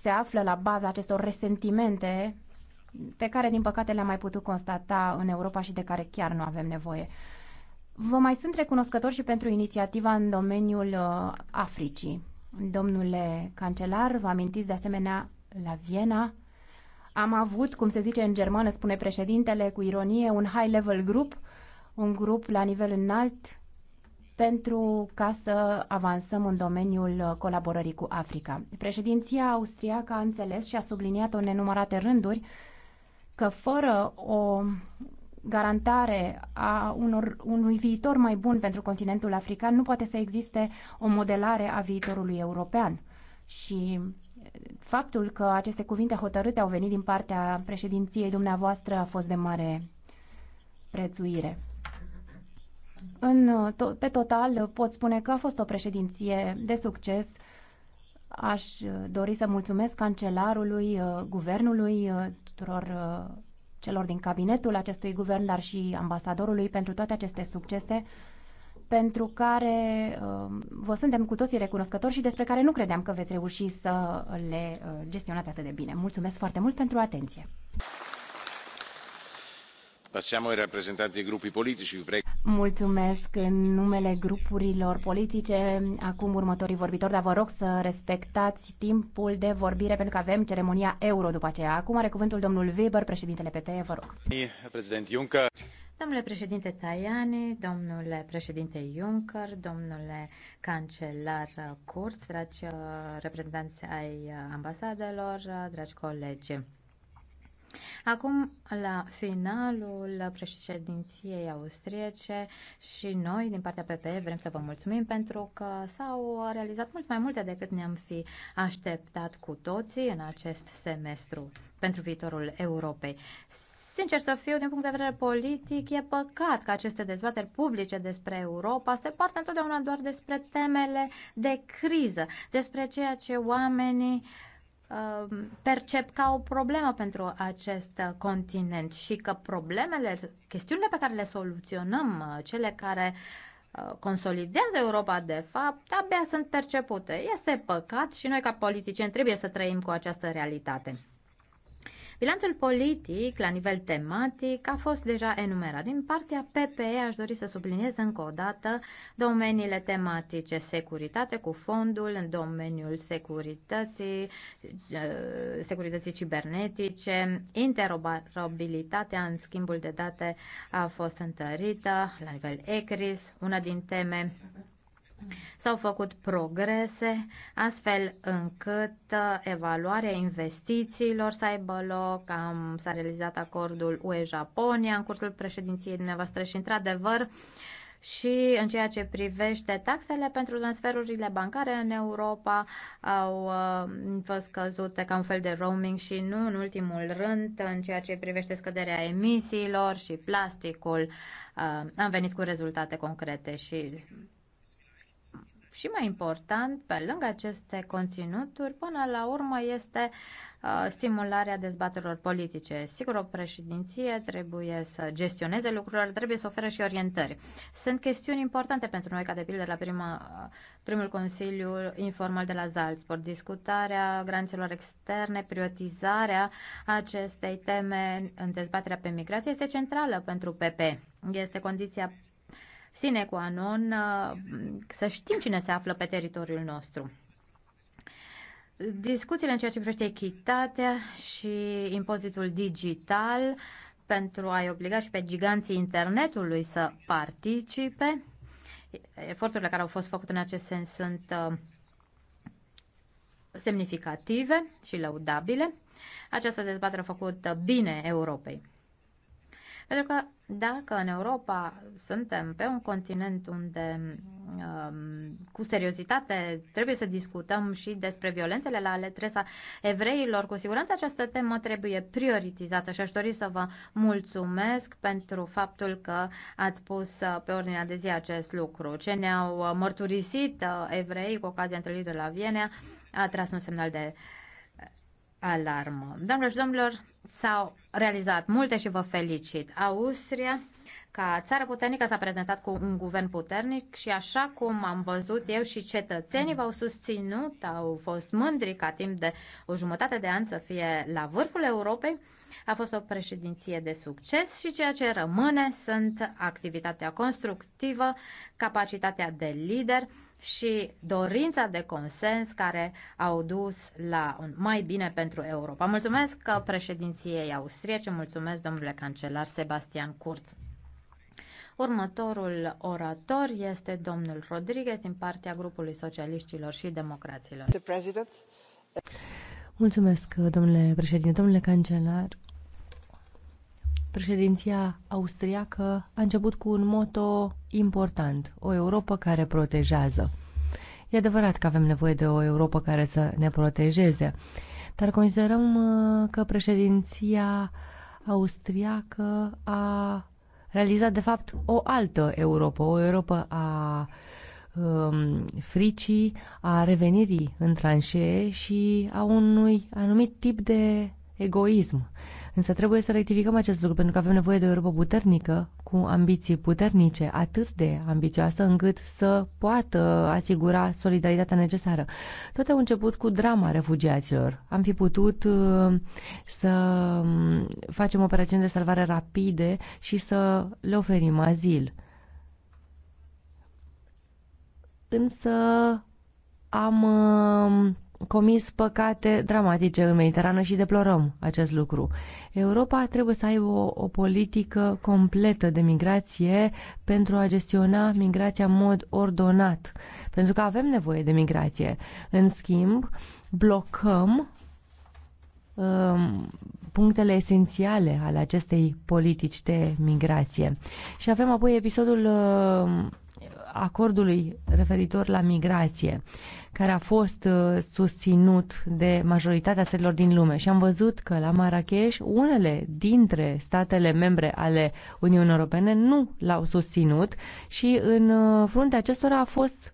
se află la baza acestor resentimente pe care, din păcate, le-am mai putut constata în Europa și de care chiar nu avem nevoie. Vă mai sunt recunoscători și pentru inițiativa în domeniul uh, Africii. Domnule cancelar, vă amintiți de asemenea la Viena? Am avut, cum se zice în germană, spune președintele cu ironie, un high-level grup, un grup la nivel înalt pentru ca să avansăm în domeniul colaborării cu Africa. Președinția austriacă a înțeles și a subliniat-o în nenumărate rânduri că fără o garantare a unor, unui viitor mai bun pentru continentul african nu poate să existe o modelare a viitorului european. Și faptul că aceste cuvinte hotărâte au venit din partea președinției dumneavoastră a fost de mare prețuire. În, to- pe total, pot spune că a fost o președinție de succes. Aș dori să mulțumesc cancelarului, uh, guvernului, uh, tuturor uh, celor din cabinetul acestui guvern, dar și ambasadorului pentru toate aceste succese pentru care um, vă suntem cu toții recunoscători și despre care nu credeam că veți reuși să le gestionați atât de bine. Mulțumesc foarte mult pentru atenție! Mulțumesc în numele grupurilor politice. Acum următorii vorbitori, dar vă rog să respectați timpul de vorbire pentru că avem ceremonia euro după aceea. Acum are cuvântul domnul Weber, președintele PPE, vă rog. Președinte Juncker. Domnule președinte Tajani, domnule președinte Juncker, domnule cancelar Kurz, dragi reprezentanți ai ambasadelor, dragi colegi. Acum, la finalul președinției austriece și noi, din partea PPE, vrem să vă mulțumim pentru că s-au realizat mult mai multe decât ne-am fi așteptat cu toții în acest semestru pentru viitorul Europei. Sincer să fiu, din punct de vedere politic, e păcat că aceste dezbateri publice despre Europa se poartă întotdeauna doar despre temele de criză, despre ceea ce oamenii uh, Um, percep ca o problemă pentru acest continent și că problemele, chestiunile pe care le soluționăm, uh, cele care uh, consolidează Europa de fapt, abia sunt percepute. Este păcat și noi ca politicieni trebuie să trăim cu această realitate. Bilanțul politic, la nivel tematic, a fost deja enumerat. Din partea PPE aș dori să subliniez încă o dată domeniile tematice securitate cu fondul în domeniul securității, eh, securității cibernetice, interoperabilitatea în schimbul de date a fost întărită la nivel ECRIS, una din teme S-au făcut progrese astfel încât uh, evaluarea investițiilor să aibă loc. Am, s-a realizat acordul UE-Japonia în cursul președinției dumneavoastră și, într-adevăr, și în ceea ce privește taxele pentru transferurile bancare în Europa au uh, fost scăzute ca un fel de roaming și nu în ultimul rând în ceea ce privește scăderea emisiilor și plasticul uh, am venit cu rezultate concrete și și mai important, pe lângă aceste conținuturi, până la urmă este uh, stimularea dezbaterilor politice. Sigur, o președinție trebuie să gestioneze lucrurile, trebuie să ofere și orientări. Sunt chestiuni importante pentru noi, ca de pildă la prima, uh, primul Consiliu Informal de la Salzburg, discutarea granițelor externe, prioritizarea acestei teme în dezbaterea pe migrație este centrală pentru PP. Este condiția sine qua non uh, să știm cine se află pe teritoriul nostru. Discuțiile în ceea ce privește echitatea și impozitul digital pentru a-i obliga și pe giganții internetului să participe. Eforturile care au fost făcute în acest sens sunt uh, semnificative și lăudabile. Această dezbatere a făcut bine Europei. Pentru că dacă în Europa suntem pe un continent unde um, cu seriozitate trebuie să discutăm și despre violențele la adresa evreilor, cu siguranță această temă trebuie prioritizată și aș dori să vă mulțumesc pentru faptul că ați pus uh, pe ordinea de zi acest lucru. Ce ne-au uh, mărturisit uh, evrei cu ocazia întâlnirii de la Viena a tras un semnal de uh, alarmă. Doamnelor și domnilor, s-au realizat multe și vă felicit. Austria, ca țară puternică, s-a prezentat cu un guvern puternic și așa cum am văzut eu și cetățenii v-au susținut, au fost mândri ca timp de o jumătate de an să fie la vârful Europei. A fost o președinție de succes și ceea ce rămâne sunt activitatea constructivă, capacitatea de lider, și dorința de consens care au dus la un mai bine pentru Europa. Mulțumesc că uh, președinției austriece, mulțumesc domnule cancelar Sebastian Kurz. Următorul orator este domnul Rodriguez din partea grupului socialiștilor și democraților. Mulțumesc, domnule președinte, domnule cancelar. Președinția austriacă a început cu un moto important, o Europa care protejează. E adevărat că avem nevoie de o Europa care să ne protejeze, dar considerăm uh, că președinția austriacă a realizat, de fapt, o altă Europa, o Europa a um, fricii, a revenirii în tranșee și a unui anumit tip de egoism Însă trebuie să rectificăm acest lucru, pentru că avem nevoie de o Europa puternică, cu ambiții puternice, atât de ambicioasă, încât să poată asigura solidaritatea necesară. Tot au început cu drama refugiaților. Am fi putut uh, să um, facem operațiuni de salvare rapide și să le oferim azil. Însă am um, comis păcate dramatice în Mediterană și deplorăm acest lucru. Europa trebuie să aibă o, o politică completă de migrație pentru a gestiona migrația în mod ordonat, pentru că avem nevoie de migrație. În schimb, blocăm um, punctele esențiale ale acestei politici de migrație. Și avem apoi episodul um, acordului referitor la migrație care a fost uh, susținut de majoritatea țărilor din lume și am văzut că la Marrakesh unele dintre statele membre ale Uniunii Europene nu l-au susținut și în uh, fruntea acestora a fost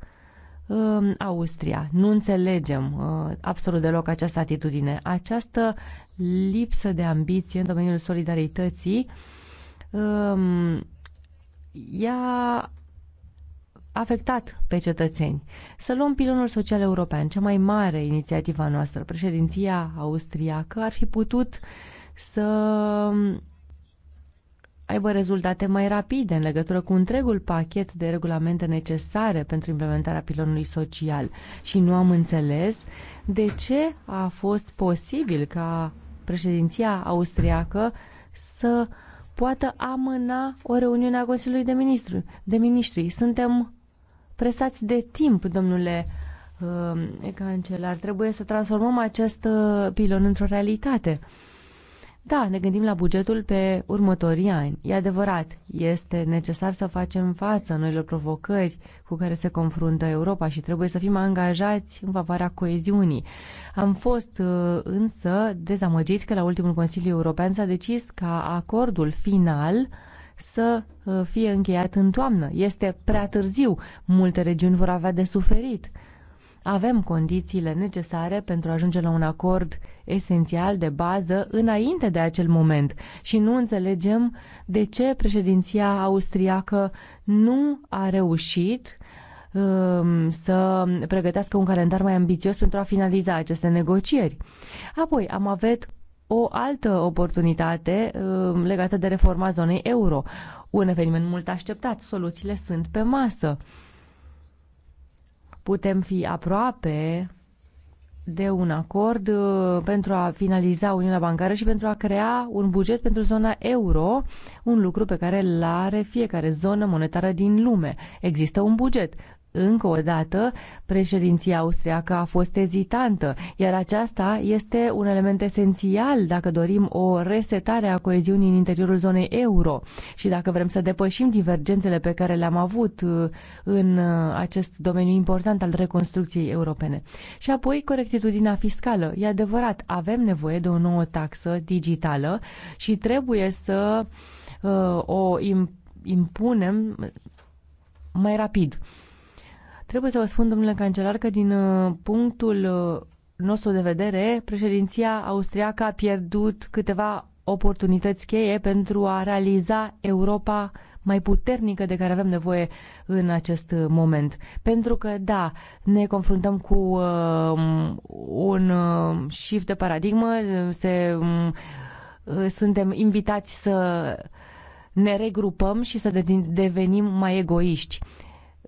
um, Austria. Nu înțelegem uh, absolut deloc această atitudine. Această lipsă de ambiție în domeniul solidarității um, ea afectat pe cetățeni. Să luăm pilonul social european, cea mai mare inițiativă a noastră. Președinția austriacă ar fi putut să aibă rezultate mai rapide în legătură cu întregul pachet de regulamente necesare pentru implementarea pilonului social și nu am înțeles de ce a fost posibil ca președinția austriacă să poată amâna o reuniune a Consiliului de Ministri. De ministri. Suntem presați de timp, domnule uh, cancelar. Trebuie să transformăm acest uh, pilon într-o realitate. Da, ne gândim la bugetul pe următorii ani. E adevărat, este necesar să facem față noilor provocări cu care se confruntă Europa și trebuie să fim angajați în favoarea coeziunii. Am fost uh, însă dezamăgiți că la ultimul Consiliu European s-a decis ca acordul final să uh, fie încheiat în toamnă. Este prea târziu, multe regiuni vor avea de suferit. Avem condițiile necesare pentru a ajunge la un acord esențial de bază înainte de acel moment și nu înțelegem de ce președinția austriacă nu a reușit um, să pregătească un calendar mai ambițios pentru a finaliza aceste negocieri. Apoi am avut o altă oportunitate um, legată de reforma zonei euro. Un eveniment mult așteptat, soluțiile sunt pe masă. Putem fi aproape de un acord uh, pentru a finaliza Uniunea Bancară și pentru a crea un buget pentru zona euro, un lucru pe care îl are fiecare zonă monetară din lume. Există un buget. Încă o dată, președinția austriacă a fost ezitantă, iar aceasta este un element esențial dacă dorim o resetare a coeziunii în interiorul zonei euro și dacă vrem să depășim divergențele pe care le-am avut uh, în uh, acest domeniu important al reconstrucției europene. Și apoi, corectitudinea fiscală. E adevărat, avem nevoie de o nouă taxă digitală și trebuie să uh, o impunem mai rapid. Trebuie să vă spun, domnule cancelar, că din uh, punctul uh, nostru de vedere, președinția austriacă a pierdut câteva oportunități cheie pentru a realiza Europa mai puternică de care avem nevoie în acest uh, moment. Pentru că, da, ne confruntăm cu uh, un uh, shift de paradigmă, se, um, uh, suntem invitați să ne regrupăm și să devenim mai egoiști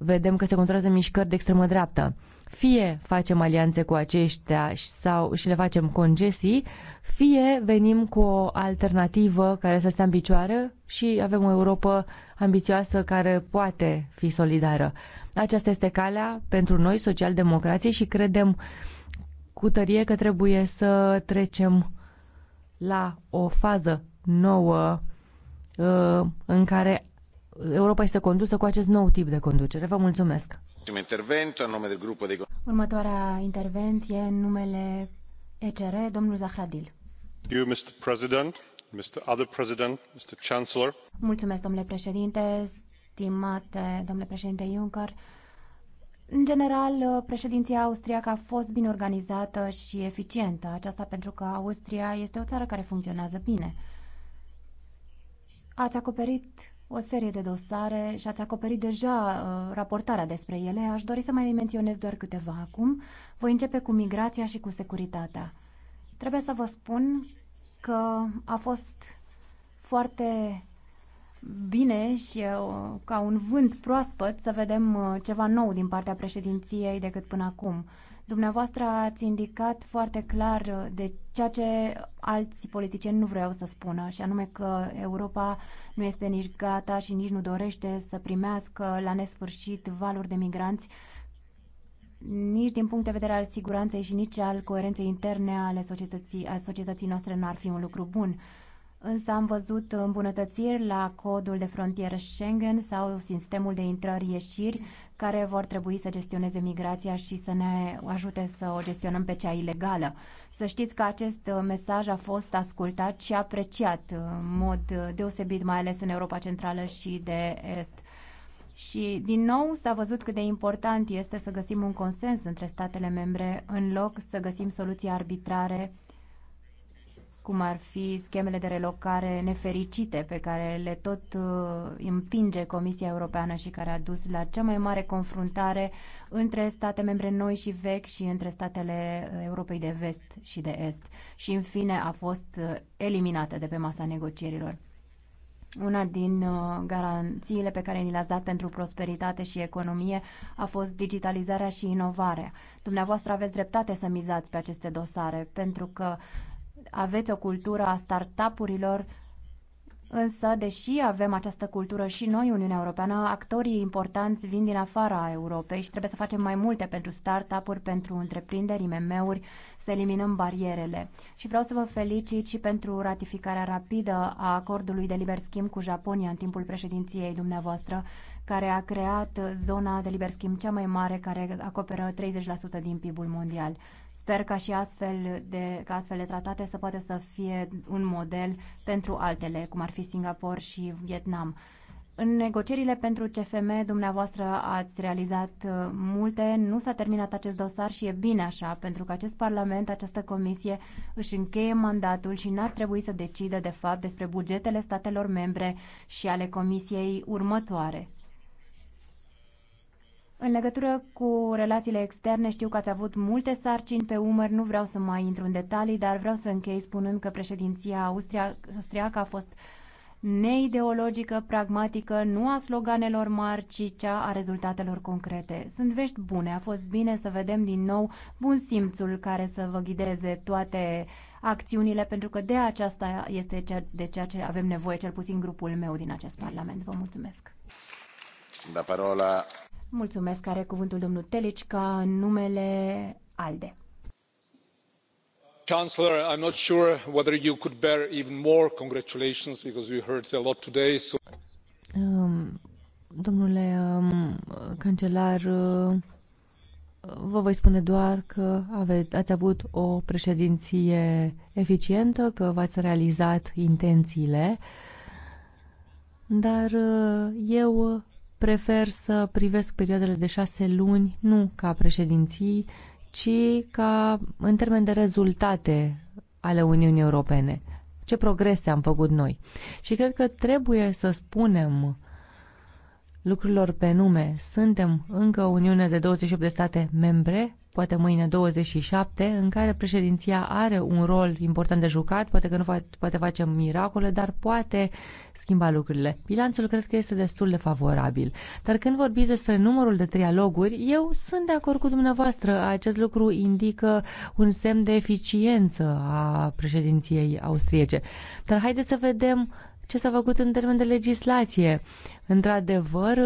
vedem că se controlează mișcări de extremă dreaptă. Fie facem alianțe cu aceștia sau și le facem concesii, fie venim cu o alternativă care să stea în picioare și avem o Europa ambițioasă care poate fi solidară. Aceasta este calea pentru noi, socialdemocrații, și credem cu tărie că trebuie să trecem la o fază nouă uh, în care Europa este condusă cu acest nou tip de conducere. Vă mulțumesc! Următoarea intervenție în numele ECR, domnul Zahradil. You, Mr. President, Mr. Other President, Mr. Chancellor. Mulțumesc, domnule președinte, stimate domnule președinte Juncker. În general, președinția austriacă a fost bine organizată și eficientă, aceasta pentru că Austria este o țară care funcționează bine. Ați acoperit o serie de dosare și ați acoperit deja uh, raportarea despre ele. Aș dori să mai menționez doar câteva acum. Voi începe cu migrația și cu securitatea. Trebuie să vă spun că a fost foarte bine și uh, ca un vânt proaspăt să vedem uh, ceva nou din partea președinției decât până acum. Dumneavoastră ați indicat foarte clar uh, de ceea ce alți politicieni nu vreau să spună, și anume că Europa nu este nici gata și nici nu dorește să primească la nesfârșit valuri de migranți, nici din punct de vedere al siguranței și nici al coerenței interne ale societății, a societății noastre nu ar fi un lucru bun. Însă am văzut îmbunătățiri la codul de frontieră Schengen sau sistemul de intrări-ieșiri care vor trebui să gestioneze migrația și să ne ajute să o gestionăm pe cea ilegală. Să știți că acest mesaj a fost ascultat și apreciat în mod deosebit, mai ales în Europa Centrală și de Est. Și din nou s-a văzut cât de important este să găsim un consens între statele membre în loc să găsim soluții arbitrare cum ar fi schemele de relocare nefericite pe care le tot uh, împinge Comisia Europeană și care a dus la cea mai mare confruntare între state membre noi și vechi și între statele uh, Europei de vest și de est. Și în fine a fost uh, eliminată de pe masa negocierilor. Una din garanțiile pe care ni le-ați dat pentru prosperitate și economie a fost digitalizarea și inovarea. Dumneavoastră aveți dreptate să mizați pe aceste dosare, pentru că uh, aveți o cultură a startup-urilor, însă, deși avem această cultură și noi, Uniunea Europeană, actorii importanți vin din afara Europei și trebuie să facem mai multe pentru startup-uri, pentru întreprinderi, IMM-uri, să eliminăm barierele. Și vreau să vă felicit și pentru ratificarea rapidă a acordului de liber schimb cu Japonia în timpul președinției dumneavoastră, care a creat zona de liber schimb cea mai mare, care acoperă 30% din PIB-ul mondial. Sper ca și astfel de, ca astfel de tratate să poată să fie un model pentru altele, cum ar fi Singapore și Vietnam. În negocierile pentru CFM, dumneavoastră ați realizat uh, multe, nu s-a terminat acest dosar și e bine așa, pentru că acest Parlament, această comisie își încheie mandatul și n-ar trebui să decidă, de fapt, despre bugetele statelor membre și ale comisiei următoare. În legătură cu relațiile externe, știu că ați avut multe sarcini pe umăr, nu vreau să mai intru în detalii, dar vreau să închei spunând că președinția austria, austriacă a fost neideologică, pragmatică, nu a sloganelor mari, ci cea a rezultatelor concrete. Sunt vești bune, a fost bine să vedem din nou bun simțul care să vă ghideze toate acțiunile, pentru că de aceasta este de ceea ce avem nevoie, cel puțin grupul meu din acest Parlament. Vă mulțumesc! La parola Mulțumesc, are cuvântul domnul Telici ca în numele ALDE. Chancellor, I'm not sure whether you could bear even more congratulations because we heard a lot today. So... Um, domnule um, cancelar, uh, vă voi spune doar că ave, ați avut o președinție eficientă, că v-ați realizat intențiile, dar uh, eu prefer să privesc perioadele de șase luni nu ca președinții, ci ca în termen de rezultate ale Uniunii Europene. Ce progrese am făcut noi. Și cred că trebuie să spunem lucrurilor pe nume. Suntem încă o Uniune de 28 de state membre poate mâine 27, în care președinția are un rol important de jucat, poate că nu va, poate face miracole, dar poate schimba lucrurile. Bilanțul cred că este destul de favorabil. Dar când vorbiți despre numărul de trialoguri, eu sunt de acord cu dumneavoastră. Acest lucru indică un semn de eficiență a președinției austriece. Dar haideți să vedem ce s-a făcut în termen de legislație. Într-adevăr,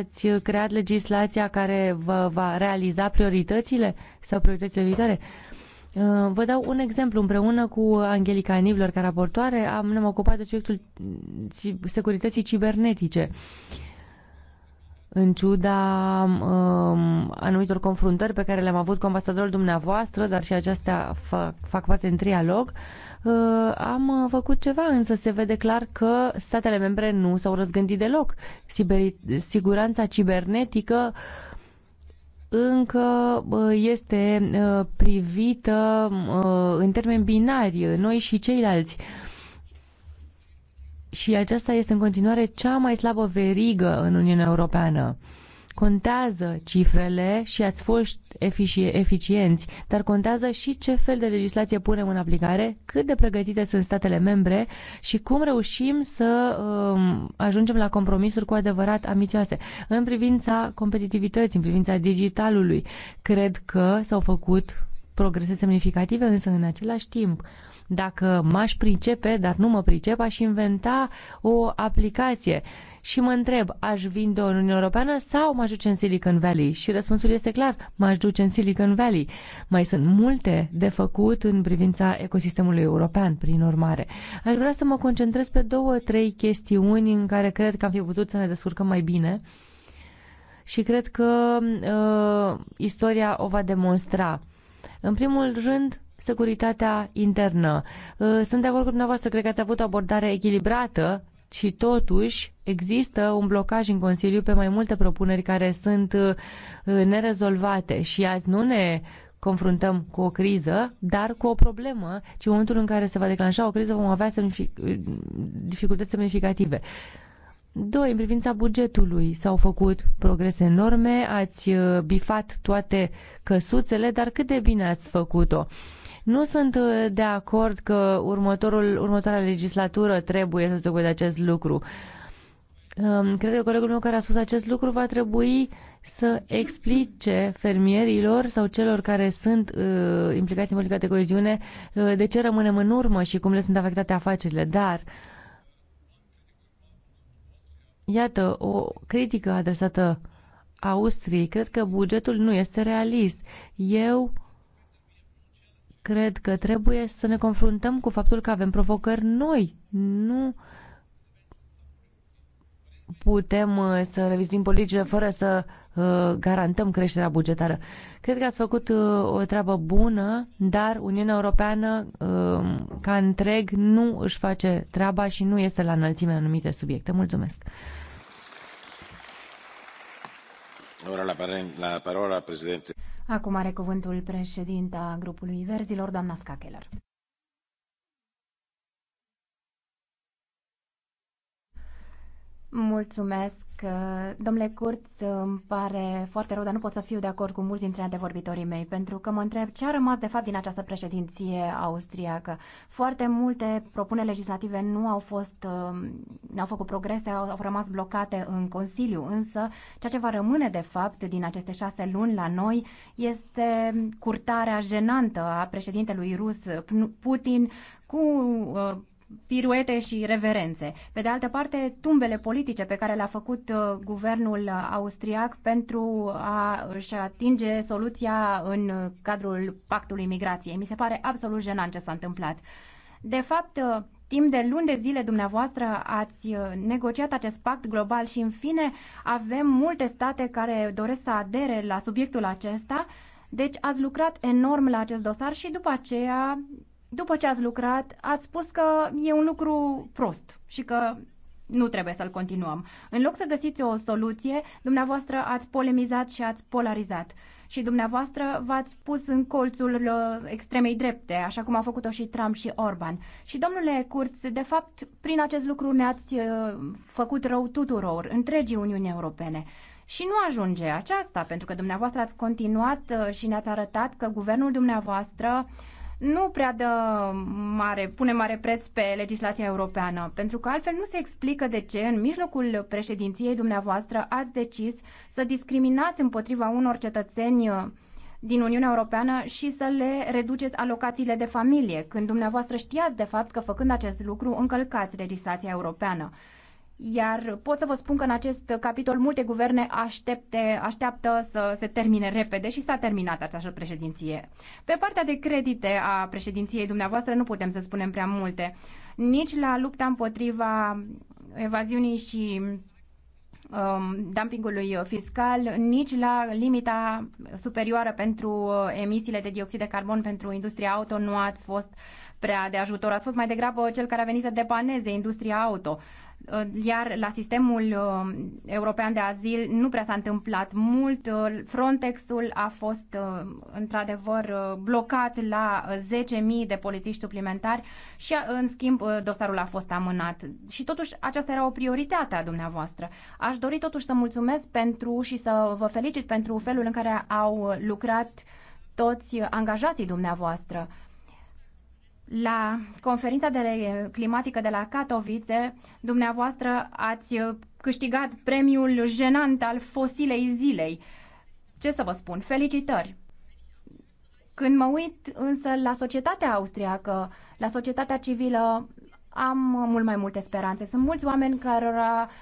ați creat legislația care vă va realiza prioritățile sau prioritățile viitoare? Uh, vă dau un exemplu. Împreună cu Angelica Nibler, ca raportoare, am, ne-am ocupat de subiectul securității cibernetice. În ciuda um, anumitor confruntări pe care le-am avut cu ambasadorul dumneavoastră, dar și acestea fac, fac parte în trialog, uh, Uh, am uh, făcut ceva, însă se vede clar că statele membre nu s-au răzgândit deloc. Siguranța cibernetică încă uh, este privită în termeni binari, noi și ceilalți. Și aceasta este în continuare cea mai slabă verigă în Uniunea Europeană. Contează cifrele și ați fost eficienți, dar contează și ce fel de legislație punem în aplicare, cât de pregătite sunt statele membre și cum reușim să um, ajungem la compromisuri cu adevărat amicioase. În privința competitivității, în privința digitalului, cred că s-au făcut progrese semnificative, însă în același timp, dacă m-aș pricepe, dar nu mă pricep, aș inventa o aplicație și mă întreb, aș vinde-o în Uniunea Europeană sau mă aș duce în Silicon Valley? Și răspunsul este clar, mă aș duce în Silicon Valley. Mai sunt multe de făcut în privința ecosistemului european, prin urmare. Aș vrea să mă concentrez pe două, trei chestiuni în care cred că am fi putut să ne descurcăm mai bine și cred că uh, istoria o va demonstra în primul rând, securitatea internă. Uh, sunt de acord cu dumneavoastră, cred că ați avut o abordare echilibrată și totuși există un blocaj în Consiliu pe mai multe propuneri care sunt uh, nerezolvate și azi nu ne confruntăm cu o criză, dar cu o problemă, ci în momentul în care se va declanșa o criză vom avea semnific- uh, dificultăți semnificative. Doi, în privința bugetului s-au făcut progrese enorme, ați uh, bifat toate căsuțele, dar cât de bine ați făcut-o? Nu sunt uh, de acord că următorul, următoarea legislatură trebuie să se ocupe de acest lucru. Um, cred că colegul meu care a spus acest lucru va trebui să explice fermierilor sau celor care sunt uh, implicați în politica de coeziune de ce rămânem în urmă și cum le sunt afectate afacerile. Dar uh, Iată, o critică adresată Austriei. Cred că bugetul nu este realist. Eu cred că trebuie să ne confruntăm cu faptul că avem provocări noi. Nu putem uh, să revizuim politice fără să Uh, garantăm creșterea bugetară. Cred că ați făcut uh, o treabă bună, dar Uniunea Europeană uh, ca întreg nu își face treaba și nu este la înălțime în anumite subiecte. Mulțumesc! La parola, președinte. Acum are cuvântul președinta grupului Verzilor, doamna Scacheler. Mulțumesc Domnule Curț, îmi pare foarte rău, dar nu pot să fiu de acord cu mulți dintre antevorbitorii mei, pentru că mă întreb ce a rămas de fapt din această președinție austriacă. Foarte multe propuneri legislative nu au fost, um, nu au făcut progrese, au, au rămas blocate în Consiliu, însă ceea ce va rămâne de fapt din aceste șase luni la noi este curtarea jenantă a președintelui rus Putin cu uh, piruete și reverențe. Pe de altă parte, tumbele politice pe care le-a făcut uh, guvernul austriac pentru a-și atinge soluția în uh, cadrul pactului migrației. Mi se pare absolut jenant ce s-a întâmplat. De fapt, uh, timp de luni de zile dumneavoastră ați negociat acest pact global și, în fine, avem multe state care doresc să adere la subiectul acesta. Deci ați lucrat enorm la acest dosar și după aceea după ce ați lucrat, ați spus că e un lucru prost și că nu trebuie să-l continuăm. În loc să găsiți o soluție, dumneavoastră ați polemizat și ați polarizat. Și dumneavoastră v-ați pus în colțul uh, extremei drepte, așa cum au făcut-o și Trump și Orban. Și domnule Curț, de fapt, prin acest lucru ne-ați uh, făcut rău tuturor, întregii Uniuni Europene. Și nu ajunge aceasta, pentru că dumneavoastră ați continuat uh, și ne-ați arătat că guvernul dumneavoastră uh, nu prea dă mare, pune mare preț pe legislația europeană, pentru că altfel nu se explică de ce în mijlocul președinției dumneavoastră ați decis să discriminați împotriva unor cetățeni uh, din Uniunea Europeană și să le reduceți alocațiile de familie, când dumneavoastră știați de fapt că făcând acest lucru încălcați legislația europeană. Iar pot să vă spun că în acest capitol multe guverne aștepte, așteaptă să se termine repede și s-a terminat această președinție. Pe partea de credite a președinției dumneavoastră nu putem să spunem prea multe. Nici la lupta împotriva evaziunii și um, dumpingului fiscal, nici la limita superioară pentru uh, emisiile de dioxid de carbon pentru industria auto nu ați fost prea de ajutor. Ați fost mai degrabă cel care a venit să depaneze industria auto iar la sistemul um, european de azil nu prea s-a întâmplat mult. Frontexul a fost um, într-adevăr uh, blocat la 10.000 uh, de polițiști suplimentari și uh, în schimb dosarul a fost amânat. Și totuși aceasta era o prioritate a dumneavoastră. Aș dori totuși să mulțumesc pentru și să vă felicit pentru felul în care au lucrat toți angajații dumneavoastră la conferința de climatică de la Katowice, dumneavoastră ați uh, câștigat premiul jenant al fosilei zilei. Ce să vă spun? Felicitări! Când mă uit însă la societatea austriacă, la societatea civilă am mult mai multe speranțe. Sunt mulți oameni care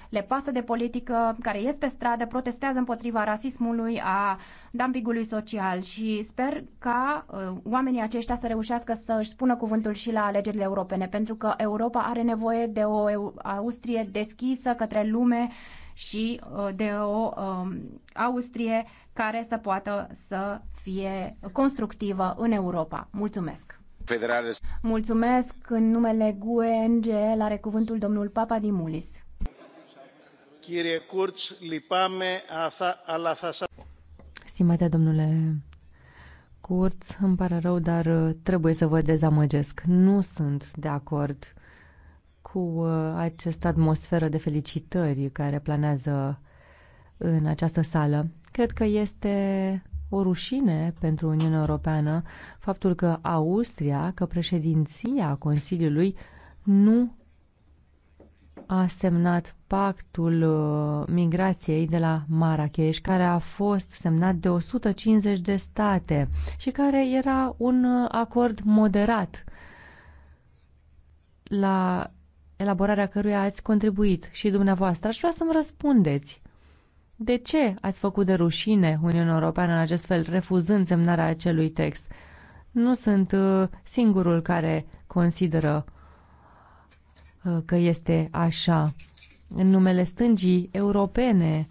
le pasă de politică, care ies pe stradă, protestează împotriva rasismului, a dumpingului social și sper ca uh, oamenii aceștia să reușească să își spună cuvântul și la alegerile europene, pentru că Europa are nevoie de o Austrie deschisă către lume și uh, de o um, Austrie care să poată să fie constructivă în Europa. Mulțumesc! Federale. Mulțumesc. În numele GUE NGL are cuvântul domnul Papa Dimulis. Chirie Curț, lipame ala Stimate domnule Curț, îmi pare rău, dar uh, trebuie să vă dezamăgesc. Nu sunt de acord cu uh, această atmosferă de felicitări care planează în această sală. Cred că este o rușine pentru Uniunea Europeană faptul că Austria, că președinția Consiliului nu a semnat pactul uh, migrației de la Marrakech, care a fost semnat de 150 de state și care era un uh, acord moderat la elaborarea căruia ați contribuit și dumneavoastră. Aș vrea să-mi răspundeți. De ce ați făcut de rușine Uniunea Europeană în acest fel, refuzând semnarea acelui text? Nu sunt uh, singurul care consideră uh, că este așa. În numele stângii europene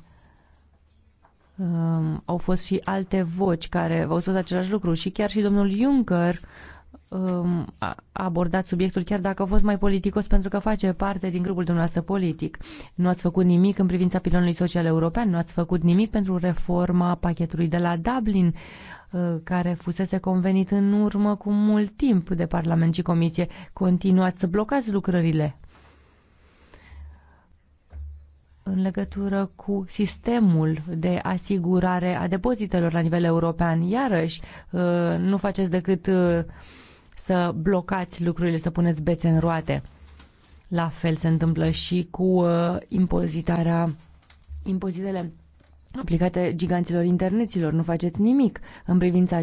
um, au fost și alte voci care v-au spus același lucru și chiar și domnul Juncker Um, abordat subiectul, chiar dacă a fost mai politicos, pentru că face parte din grupul dumneavoastră politic. Nu ați făcut nimic în privința pilonului social european, nu ați făcut nimic pentru reforma pachetului de la Dublin, uh, care fusese convenit în urmă cu mult timp de Parlament și Comisie. Continuați să blocați lucrările în legătură cu sistemul de asigurare a depozitelor la nivel european. Iarăși, uh, nu faceți decât uh, să blocați lucrurile, să puneți bețe în roate. La fel se întâmplă și cu uh, impozitarea, impozitele aplicate giganților interneților. Nu faceți nimic în privința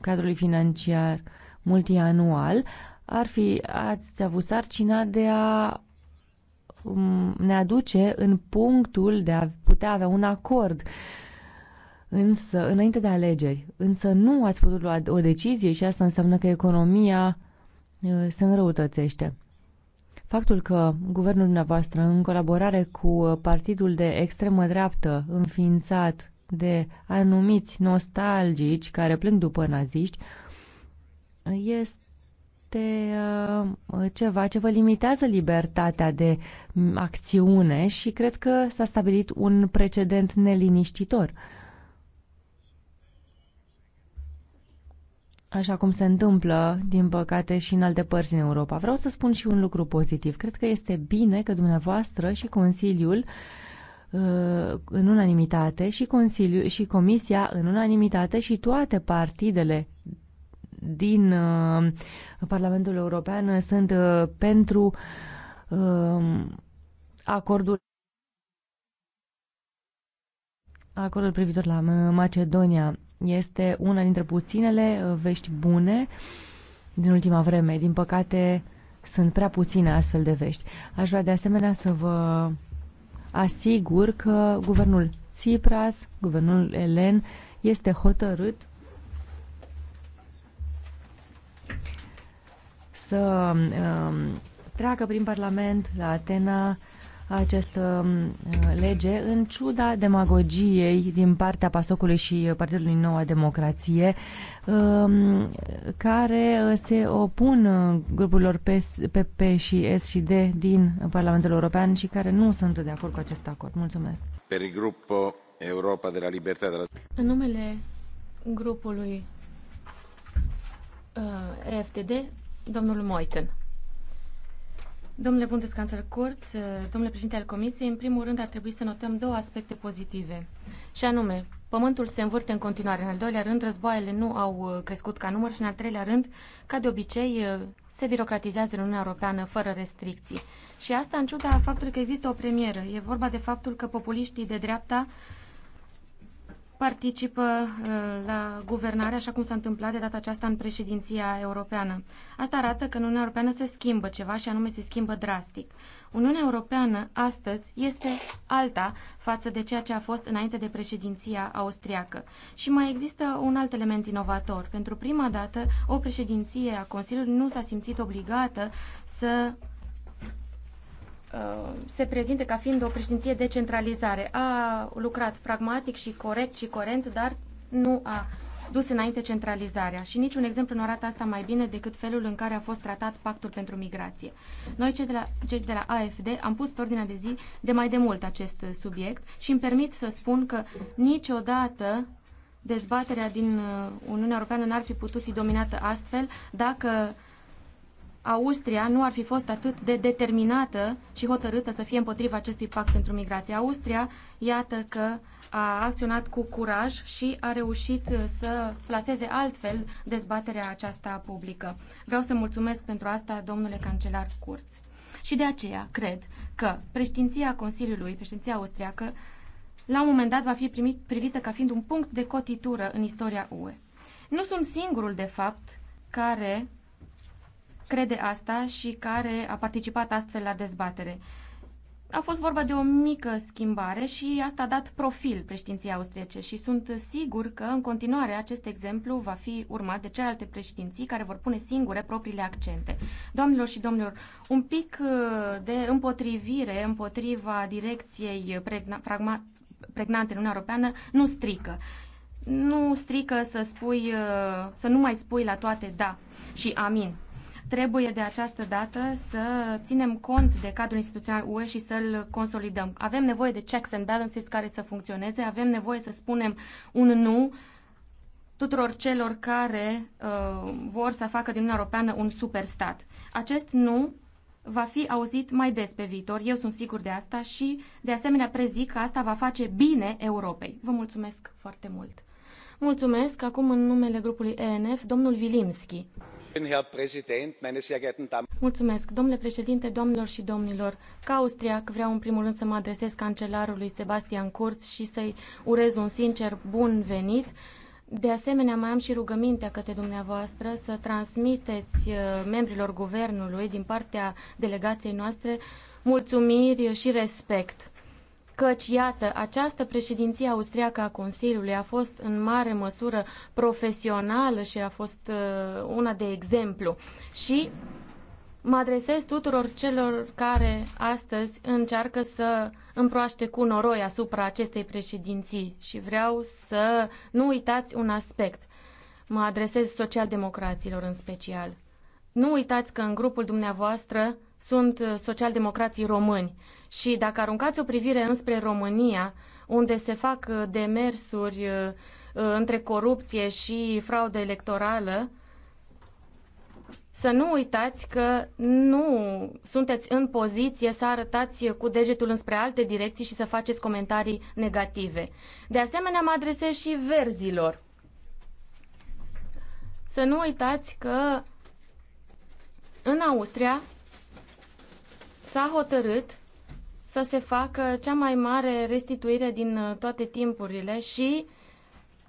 cadrului financiar multianual. Ar fi, ați avut sarcina de a um, ne aduce în punctul de a putea avea un acord uh, însă, înainte de alegeri, însă nu ați putut lua o decizie și asta înseamnă că economia uh, se înrăutățește. Faptul că guvernul dumneavoastră, în colaborare cu uh, partidul de extremă dreaptă înființat de anumiți nostalgici care plâng după naziști, este uh, ceva ce vă limitează libertatea de acțiune și cred că s-a stabilit un precedent neliniștitor. așa cum se întâmplă, din păcate, și în alte părți în Europa. Vreau să spun și un lucru pozitiv. Cred că este bine că dumneavoastră și Consiliul uh, în unanimitate și, Consiliu, și Comisia în unanimitate și toate partidele din uh, Parlamentul European sunt uh, pentru um, acordul acordul privitor la Macedonia este una dintre puținele uh, vești bune din ultima vreme. Din păcate, sunt prea puține astfel de vești. Aș vrea de asemenea să vă asigur că guvernul Tsipras, guvernul Elen, este hotărât să um, treacă prin Parlament la Atena această mm, uh, lege, în ciuda demagogiei din partea PASOCului și Partidului Noua Democrație, um, care se opun uh, grupurilor PP și S și D din Parlamentul European și care nu sunt de acord cu acest acord. Mulțumesc. Per il gruppo Europa de la... În numele grupului uh, FTD, domnul Moiten. Domnule Bundescanțler Kurz, uh, domnule președinte al Comisiei, în primul rând ar trebui să notăm două aspecte pozitive. Și anume, pământul se învârte în continuare. În al doilea rând, războaiele nu au uh, crescut ca număr și în al treilea rând, ca de obicei, uh, se birocratizează în Uniunea Europeană fără restricții. Și asta în ciuda faptului că există o premieră. E vorba de faptul că populiștii de dreapta participă uh, la guvernare, așa cum s-a întâmplat de data aceasta în președinția europeană. Asta arată că în Uniunea Europeană se schimbă ceva și anume se schimbă drastic. Uniunea Europeană astăzi este alta față de ceea ce a fost înainte de președinția austriacă. Și mai există un alt element inovator. Pentru prima dată, o președinție a Consiliului nu s-a simțit obligată să se prezinte ca fiind o președinție decentralizare. A lucrat pragmatic și corect și corent, dar nu a dus înainte centralizarea și niciun exemplu nu arată asta mai bine decât felul în care a fost tratat pactul pentru migrație. Noi, cei de la, cei de la AFD, am pus pe ordinea de zi de mai de mult acest subiect și îmi permit să spun că niciodată dezbaterea din uh, Uniunea Europeană n-ar fi putut fi dominată astfel dacă Austria nu ar fi fost atât de determinată și hotărâtă să fie împotriva acestui pact pentru migrație. Austria, iată că a acționat cu curaj și a reușit să plaseze altfel dezbaterea aceasta publică. Vreau să mulțumesc pentru asta, domnule cancelar Kurz. Și de aceea cred că președinția Consiliului, președinția austriacă, la un moment dat va fi primit, privită ca fiind un punct de cotitură în istoria UE. Nu sunt singurul, de fapt, care crede asta și care a participat astfel la dezbatere. A fost vorba de o mică schimbare și asta a dat profil președinției austriece și sunt sigur că în continuare acest exemplu va fi urmat de celelalte președinții care vor pune singure propriile accente. Doamnelor și domnilor, un pic uh, de împotrivire împotriva direcției pregna- pregnante în Uniunea Europeană nu strică nu strică să spui, uh, să nu mai spui la toate da și amin. Trebuie de această dată să ținem cont de cadrul instituțional UE și să-l consolidăm. Avem nevoie de checks and balances care să funcționeze, avem nevoie să spunem un nu tuturor celor care uh, vor să facă din Uniunea Europeană un superstat. Acest nu va fi auzit mai des pe viitor, eu sunt sigur de asta și de asemenea prezic că asta va face bine Europei. Vă mulțumesc foarte mult! Mulțumesc acum în numele grupului ENF, domnul Vilimski. Mulțumesc, domnule președinte, doamnelor și domnilor. Ca austriac vreau în primul rând să mă adresez cancelarului Sebastian Kurz și să-i urez un sincer bun venit. De asemenea, mai am și rugămintea către dumneavoastră să transmiteți uh, membrilor guvernului din partea delegației noastre mulțumiri și respect căci, iată, această președinție austriacă a Consiliului a fost în mare măsură profesională și a fost uh, una de exemplu. Și mă adresez tuturor celor care astăzi încearcă să împroaște cu noroi asupra acestei președinții și vreau să nu uitați un aspect. Mă adresez socialdemocraților în special. Nu uitați că în grupul dumneavoastră sunt uh, socialdemocrații români și dacă aruncați o privire înspre România, unde se fac uh, demersuri uh, uh, între corupție și fraudă electorală, să nu uitați că nu sunteți în poziție să arătați cu degetul înspre alte direcții și să faceți comentarii negative. De asemenea, mă adresez și verzilor. Să nu uitați că în Austria s-a hotărât să se facă cea mai mare restituire din uh, toate timpurile și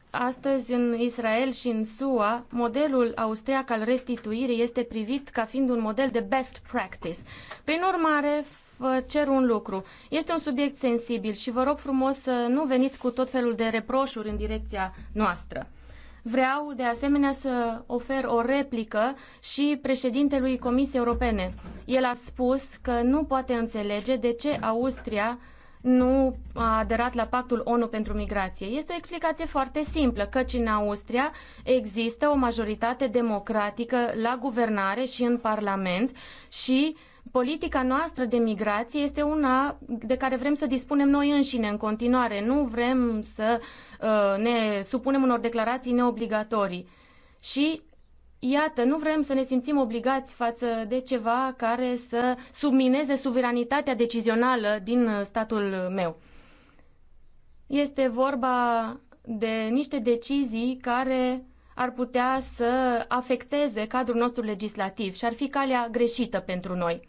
astăzi în Israel și în SUA, modelul austriac al restituirii este privit ca fiind un model de best practice. Prin urmare, vă cer un lucru. Este un subiect sensibil și vă rog frumos să nu veniți cu tot felul de reproșuri în direcția noastră. Vreau de asemenea să ofer o replică și președintelui Comisiei Europene. El a spus că nu poate înțelege de ce Austria nu a aderat la pactul ONU pentru migrație. Este o explicație foarte simplă, căci în Austria există o majoritate democratică la guvernare și în Parlament și politica noastră de migrație este una de care vrem să dispunem noi înșine în continuare. Nu vrem să Uh, ne supunem unor declarații neobligatorii. Și Iată, nu vrem să ne simțim obligați față de ceva care să submineze suveranitatea decizională din uh, statul meu. Este vorba de niște decizii care ar putea să afecteze cadrul nostru legislativ și ar fi calea greșită pentru noi.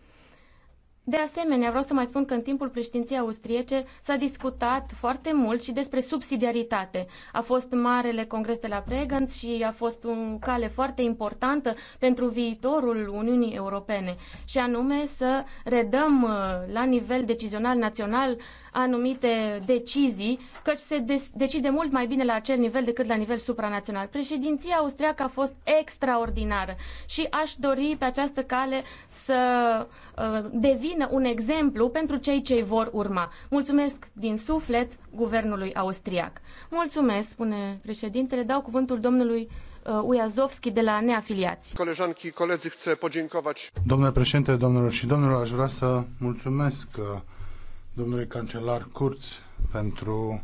De asemenea, vreau să mai spun că în timpul președinției austriece s-a discutat foarte mult și despre subsidiaritate. A fost marele congres de la Bregenz și a fost o cale foarte importantă pentru viitorul Uniunii Europene, și anume să redăm uh, la nivel decizional național anumite decizii, căci se decide mult mai bine la acel nivel decât la nivel supranațional. Președinția austriacă a fost extraordinară și aș dori pe această cale să uh, devină un exemplu pentru cei ce vor urma. Mulțumesc din suflet guvernului austriac. Mulțumesc, spune președintele, dau cuvântul domnului uh, Ujazovski de la neafiliați. colegi, i Domnule președinte, domnilor și domnilor, aș vrea să mulțumesc uh, domnului cancelar Kurz pentru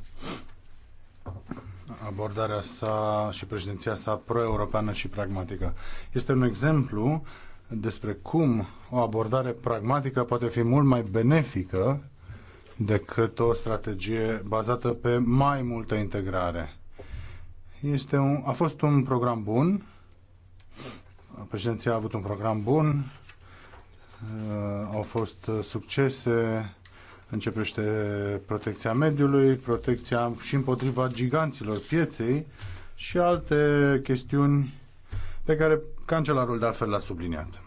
abordarea sa și președinția sa pro-europeană și pragmatică. Este un exemplu despre cum o abordare pragmatică poate fi mult mai benefică decât o strategie bazată pe mai multă integrare. Este un, a fost un program bun, președinția a avut un program bun, uh, au fost succese, Începește protecția mediului, protecția și împotriva giganților pieței și alte chestiuni pe care cancelarul de altfel l-a subliniat.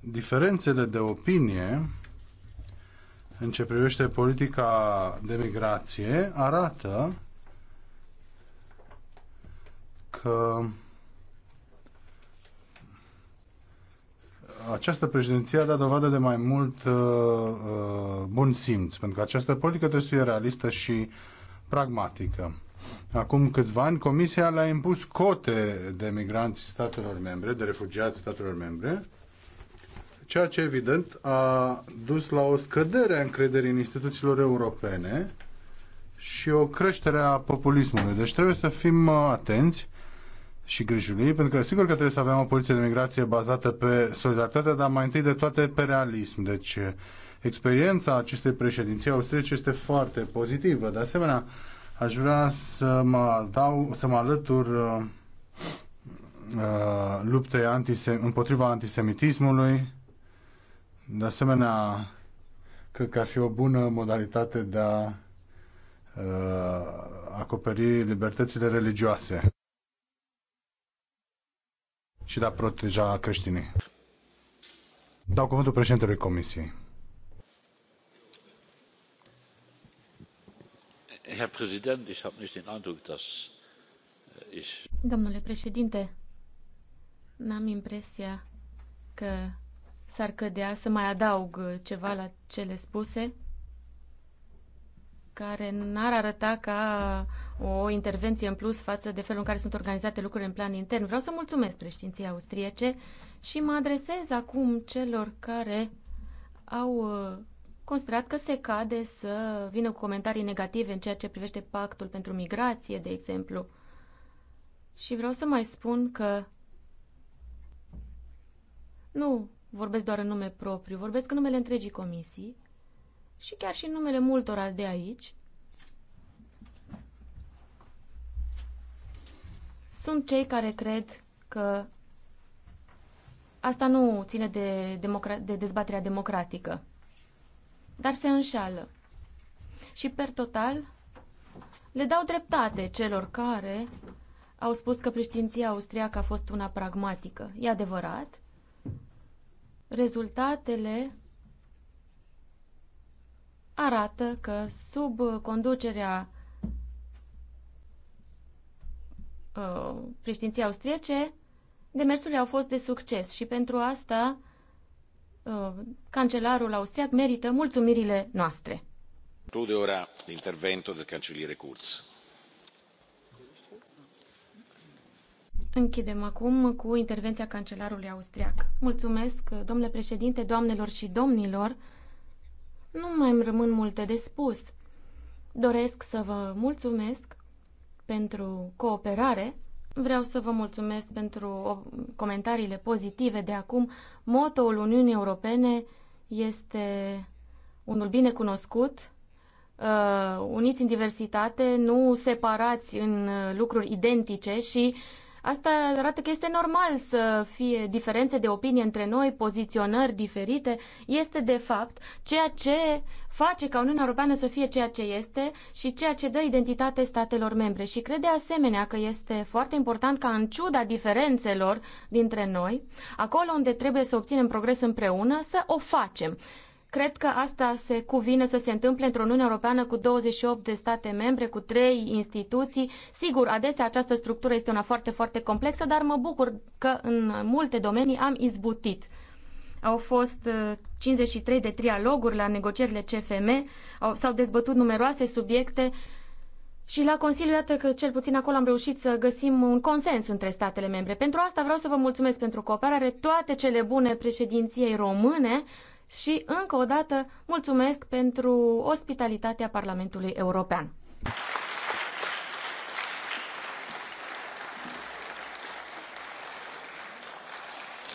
Diferențele de opinie în ce privește politica de migrație arată că această președinție a dat dovadă de mai mult uh, uh, bun simț, pentru că această politică trebuie să fie realistă și pragmatică. Acum câțiva ani, Comisia le-a impus cote de migranți statelor membre, de refugiați statelor membre, ceea ce evident a dus la o scădere a încrederii în instituțiilor europene și o creștere a populismului. Deci trebuie să fim uh, atenți și grijulii, pentru că sigur că trebuie să avem o poliție de migrație bazată pe solidaritate, dar mai întâi de toate pe realism. Deci experiența acestei președinții austriece este foarte pozitivă. De asemenea, aș vrea să mă, dau, să mă alătur uh, uh luptei antisem- împotriva antisemitismului. De asemenea, cred că ar fi o bună modalitate de a uh, acoperi libertățile religioase și de a proteja creștinii. Dau cuvântul președintelui Comisiei. Herr Präsident, ich habe nicht den Eindruck, dass äh, ich Domnule președinte, n-am impresia că s-ar cădea să mai adaug ceva la cele spuse care n-ar arăta ca o intervenție în plus față de felul în care sunt organizate lucrurile în plan intern. Vreau să mulțumesc președinției austriece și mă adresez acum celor care au uh, considerat că se cade să vină cu comentarii negative în ceea ce privește pactul pentru migrație, de exemplu. Și vreau să mai spun că nu vorbesc doar în nume propriu, vorbesc în numele întregii comisii și chiar și numele multora de aici, sunt cei care cred că asta nu ține de, democra- de dezbaterea democratică, dar se înșală. Și, per total, le dau dreptate celor care au spus că președinția austriacă a fost una pragmatică. E adevărat, rezultatele arată că sub conducerea uh, președinției austriece, demersurile au fost de succes și pentru asta uh, cancelarul austriac merită mulțumirile noastre. Include ora l'intervento del cancelliere Kurz. Închidem acum cu intervenția cancelarului austriac. Mulțumesc, domnule președinte, doamnelor și domnilor, nu mai îmi rămân multe de spus. Doresc să vă mulțumesc pentru cooperare. Vreau să vă mulțumesc pentru comentariile pozitive de acum. Motoul Uniunii Europene este unul bine cunoscut, uh, uniți în diversitate, nu separați în uh, lucruri identice și uh, Asta arată că este normal să fie diferențe de opinie între noi, poziționări diferite. Este, de fapt, ceea ce face ca Uniunea Europeană să fie ceea ce este și ceea ce dă identitate statelor membre. Și cred de asemenea că este foarte important ca, în ciuda diferențelor dintre noi, acolo unde trebuie să obținem progres împreună, să o facem. Cred că asta se cuvine să se întâmple într-o Uniune Europeană cu 28 de state membre, cu trei instituții. Sigur, adesea această structură este una foarte, foarte complexă, dar mă bucur că în multe domenii am izbutit. Au fost 53 uh, de trialoguri la negocierile CFM, s-au dezbătut numeroase subiecte și la Consiliu, iată că cel puțin acolo am reușit să găsim un consens între statele membre. Pentru asta vreau să vă mulțumesc pentru cooperare, toate cele bune președinției române și încă o dată mulțumesc pentru ospitalitatea Parlamentului European.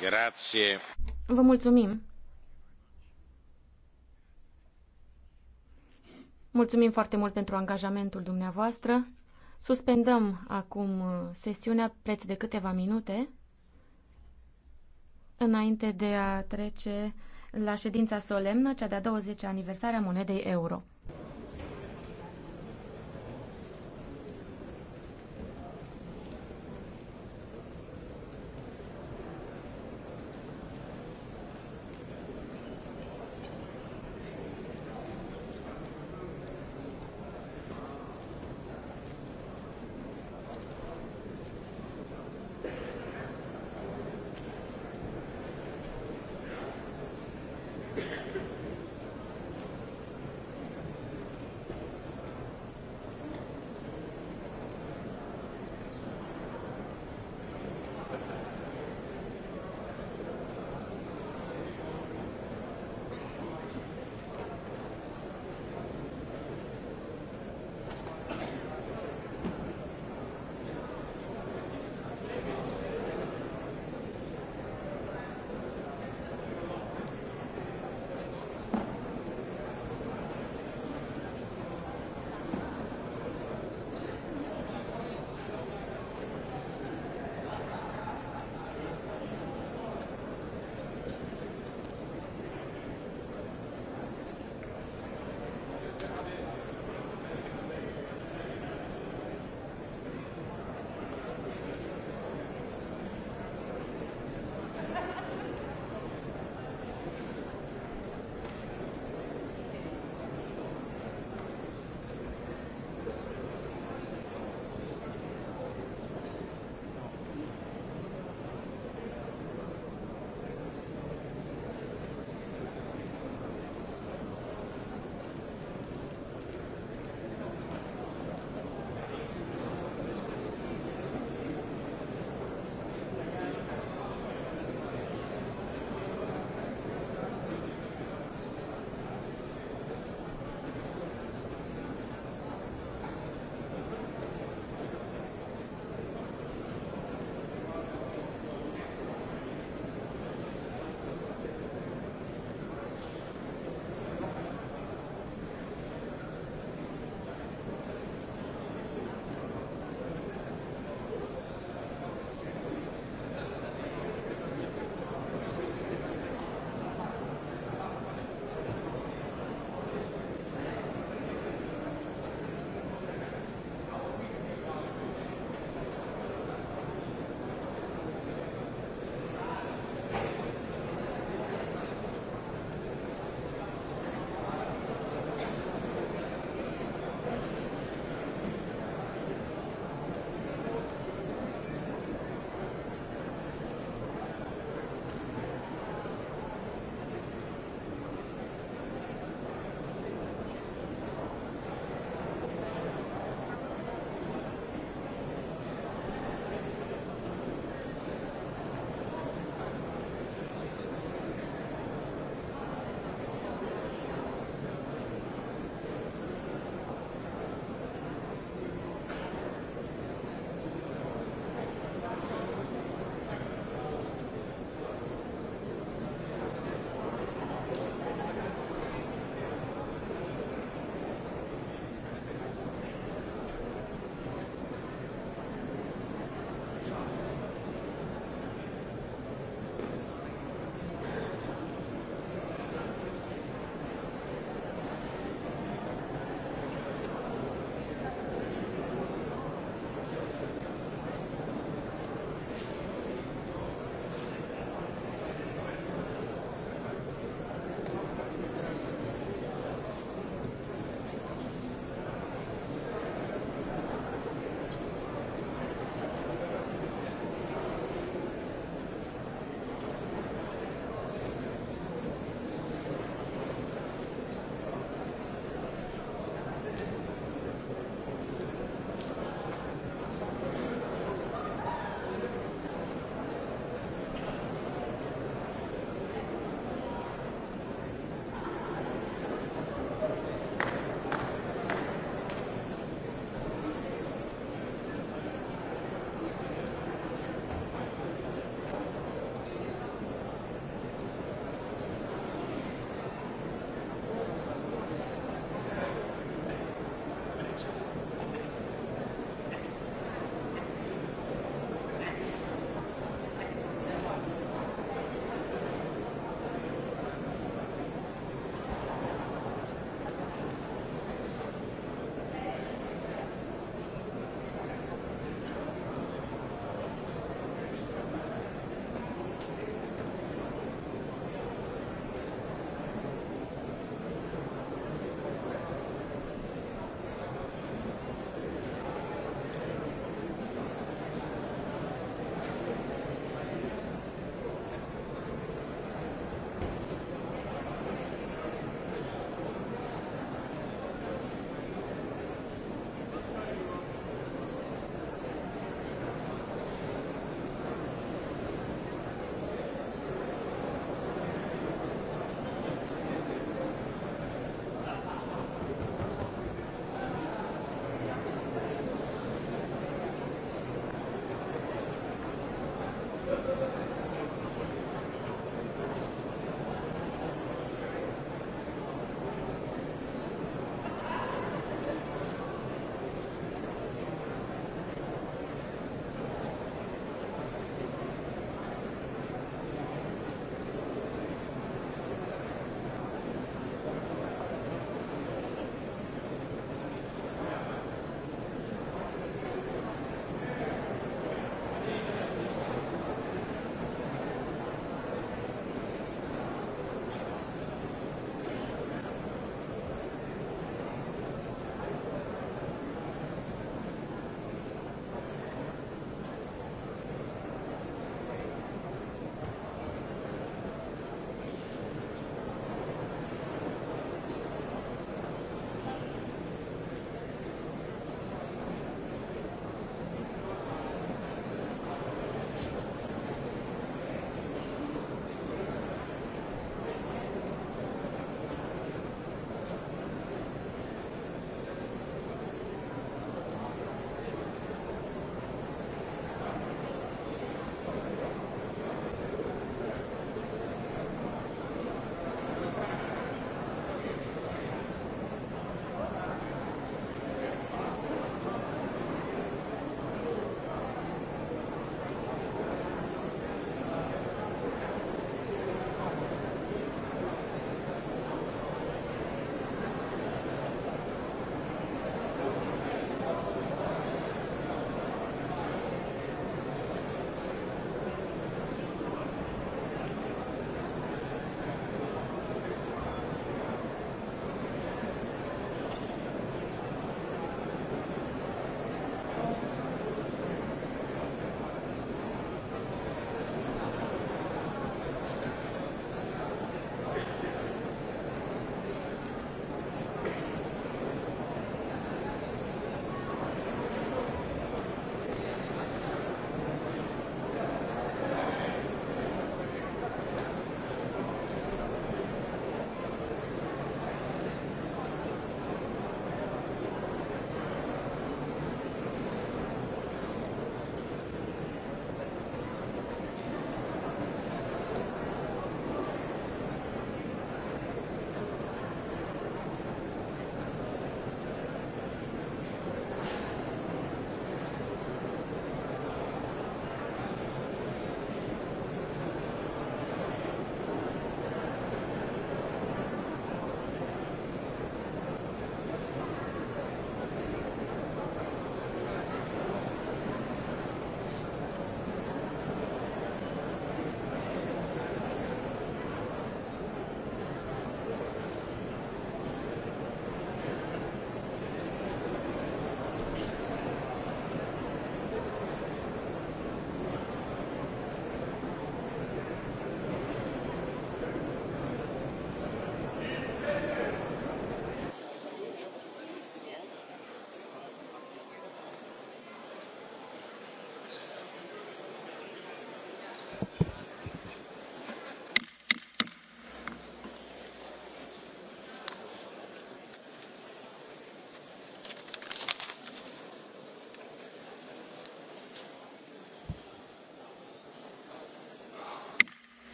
Grazie. Vă mulțumim. Mulțumim foarte mult pentru angajamentul dumneavoastră. Suspendăm acum uh, sesiunea preț de câteva minute înainte de a trece la ședința solemnă, cea de-a 20-a aniversare a monedei euro.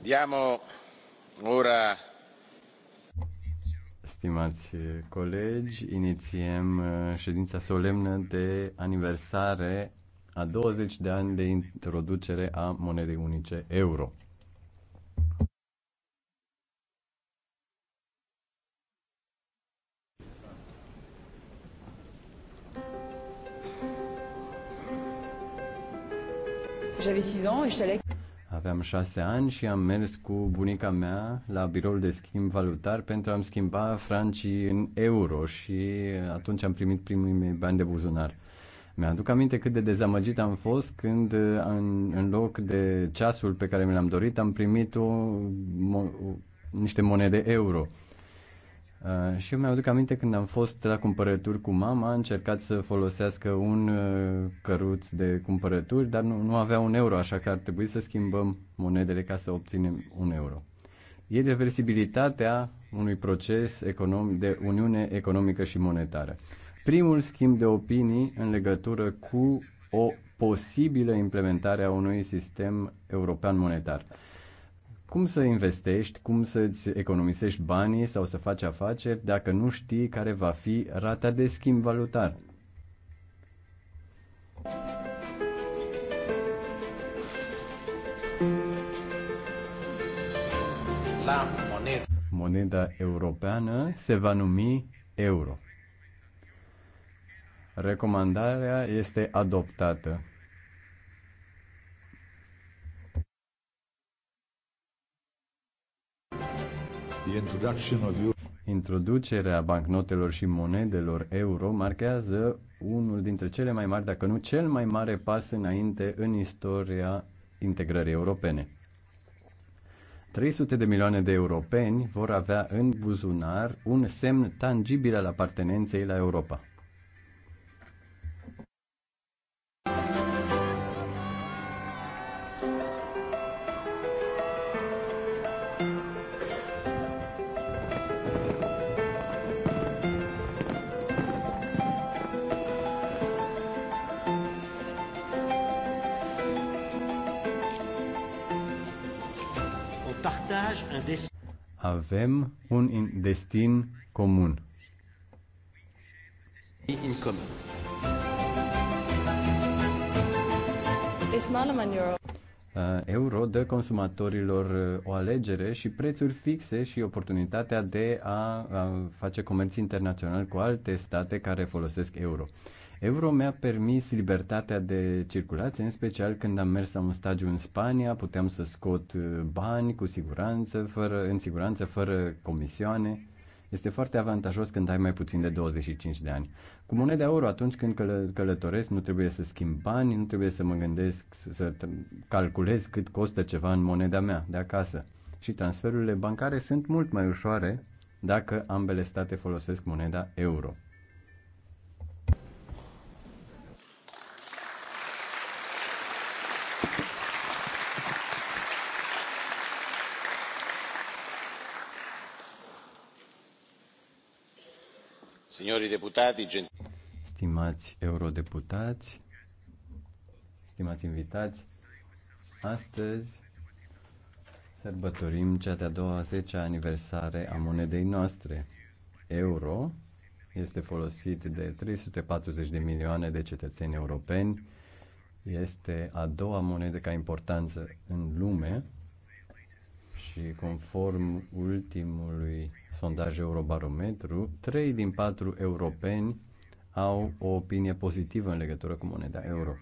Diamo ora. Stimați colegi, inițiem uh, ședința solemnă de aniversare a 20 de ani de introducere a monedei unice euro. J'avais 6 ans et je t'allais aveam șase ani și am mers cu bunica mea la biroul de schimb valutar pentru a-mi schimba francii în euro și atunci am primit primii mei bani de buzunar. Mi-aduc aminte cât de dezamăgit am fost când, în, în loc de ceasul pe care mi l-am dorit, am primit o, mo, niște monede euro. Uh, și eu mi-aduc aminte când am fost la cumpărături cu mama, a încercat să folosească un uh, căruț de cumpărături, dar nu, nu avea un euro, așa că ar trebui să schimbăm monedele ca să obținem un euro. E reversibilitatea unui proces economic, de uniune economică și monetară. Primul schimb de opinii în legătură cu o posibilă implementare a unui sistem european monetar. Cum să investești, cum să-ți economisești banii sau să faci afaceri dacă nu știi care va fi rata de schimb valutar? La moneda. Moneda europeană se va numi euro. Recomandarea este adoptată. Introducerea bancnotelor și monedelor euro marchează unul dintre cele mai mari, dacă nu cel mai mare pas înainte în istoria integrării europene. 300 de milioane de europeni vor avea în buzunar un semn tangibil al apartenenței la Europa. Avem un destin comun. In common. Uh, euro dă consumatorilor uh, o alegere și prețuri fixe și oportunitatea de a face comerț internațional cu alte state care folosesc euro. Euro mi-a permis libertatea de circulație, în special când am mers la un stagiu în Spania, puteam să scot uh, bani cu siguranță, fără, în siguranță, fără comisioane. Este foarte avantajos când ai mai puțin de 25 de ani. Cu moneda euro, atunci când căl- călătoresc, nu trebuie să schimb bani, nu trebuie să mă gândesc să calculez cât costă ceva în moneda mea de acasă. Și transferurile bancare sunt mult mai ușoare dacă ambele state folosesc moneda euro. Stimați eurodeputați, stimați invitați, astăzi sărbătorim cea de-a doua zece -a aniversare a monedei noastre. Euro este folosit de 340 de milioane de cetățeni europeni, este a doua monedă ca importanță în lume și conform ultimului sondaj Eurobarometru, 3 din 4 europeni au o opinie pozitivă în legătură cu moneda euro.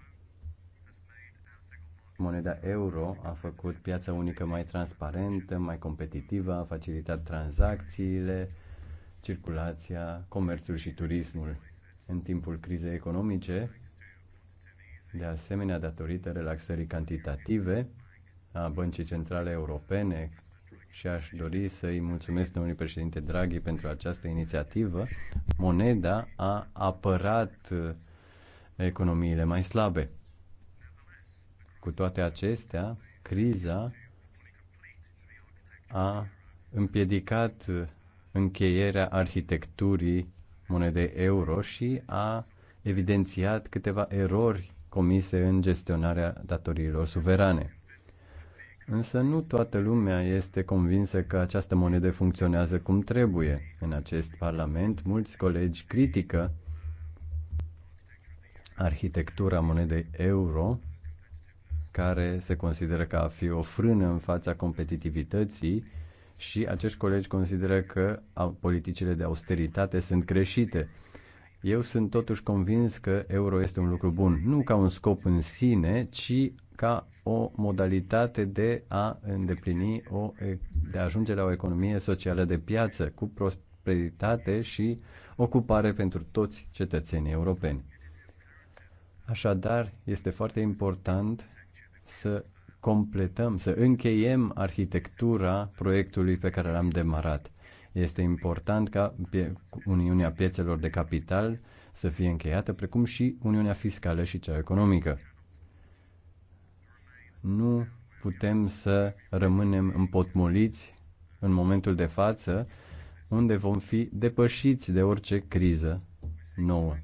Moneda euro a făcut piața unică mai transparentă, mai competitivă, a facilitat tranzacțiile, circulația, comerțul și turismul. În timpul crizei economice, de asemenea, datorită relaxării cantitative a Băncii Centrale Europene, și aș dori să-i mulțumesc domnului președinte Draghi pentru această inițiativă. Moneda a apărat uh, economiile mai slabe. Cu toate acestea, criza a împiedicat uh, încheierea arhitecturii monedei euro și a evidențiat câteva erori comise în gestionarea datoriilor suverane. Însă nu toată lumea este convinsă că această monedă funcționează cum trebuie. În acest parlament, mulți colegi critică arhitectura monedei euro, care se consideră ca a fi o frână în fața competitivității și acești colegi consideră că politicile de austeritate sunt greșite. Eu sunt totuși convins că euro este un lucru bun, nu ca un scop în sine, ci ca o modalitate de a îndeplini o, de a ajunge la o economie socială de piață cu prosperitate și ocupare pentru toți cetățenii europeni. Așadar, este foarte important să completăm, să încheiem arhitectura proiectului pe care l-am demarat. Este important ca Uniunea Piețelor de Capital să fie încheiată, precum și Uniunea Fiscală și cea economică. Nu putem să rămânem împotmoliți în momentul de față, unde vom fi depășiți de orice criză nouă.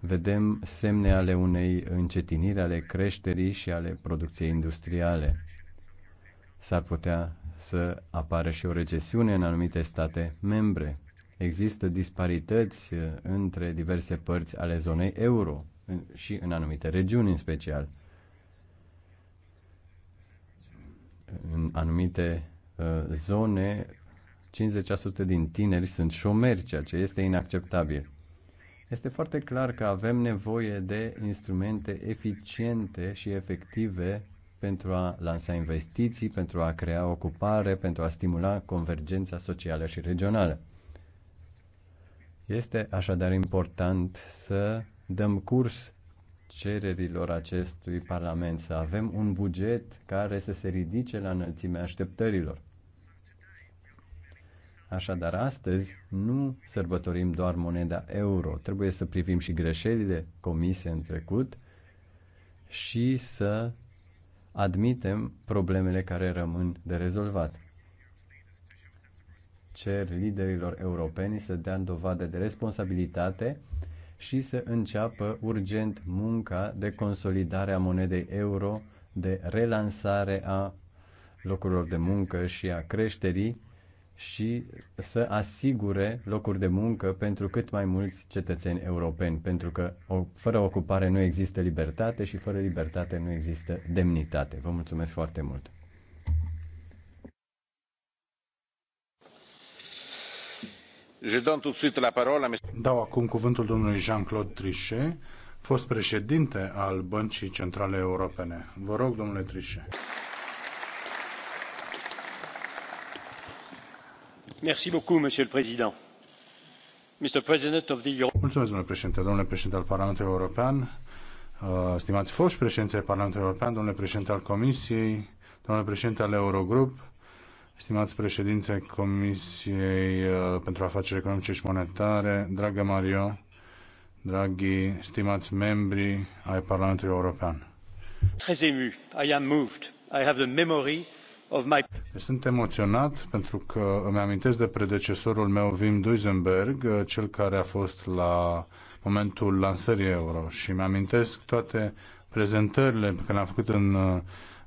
Vedem semne ale unei încetiniri ale creșterii și ale producției industriale. S-ar putea să apară și o recesiune în anumite state membre. Există disparități uh, între diverse părți ale zonei euro uh, și în anumite regiuni în special. în anumite uh, zone, 50% din tineri sunt șomeri, ceea ce este inacceptabil. Este foarte clar că avem nevoie de instrumente eficiente și efective pentru a lansa investiții, pentru a crea ocupare, pentru a stimula convergența socială și regională. Este așadar important să dăm curs cererilor acestui Parlament, să avem un buget care să se ridice la înălțimea așteptărilor. Așadar, astăzi nu sărbătorim doar moneda euro, trebuie să privim și greșelile comise în trecut și să admitem problemele care rămân de rezolvat. Cer liderilor europeni să dea dovadă de responsabilitate și să înceapă urgent munca de consolidare a monedei euro, de relansare a locurilor de muncă și a creșterii și să asigure locuri de muncă pentru cât mai mulți cetățeni europeni, pentru că o, fără ocupare nu există libertate și fără libertate nu există demnitate. Vă mulțumesc foarte mult! Dau acum cuvântul domnului Jean-Claude Trichet, fost președinte al Băncii Centrale Europene. Vă rog, domnule Trichet. Merci beaucoup, monsieur le président. Mr. President of the Mulțumesc, domnule președinte. Domnule președinte al Parlamentului European, uh, stimați foști președinți ai Parlamentului European, domnule președinte al Comisiei, domnule președinte al Eurogrup, stimați președinte Comisiei uh, pentru Afaceri Economice și Monetare, dragă Mario, dragi stimați membri ai Parlamentului European. Très ému. I am moved. I have the memory of my... Sunt emoționat pentru că îmi amintesc de predecesorul meu, Wim Duisenberg, uh, cel care a fost la momentul lansării euro și îmi amintesc toate prezentările pe care le-am făcut în uh,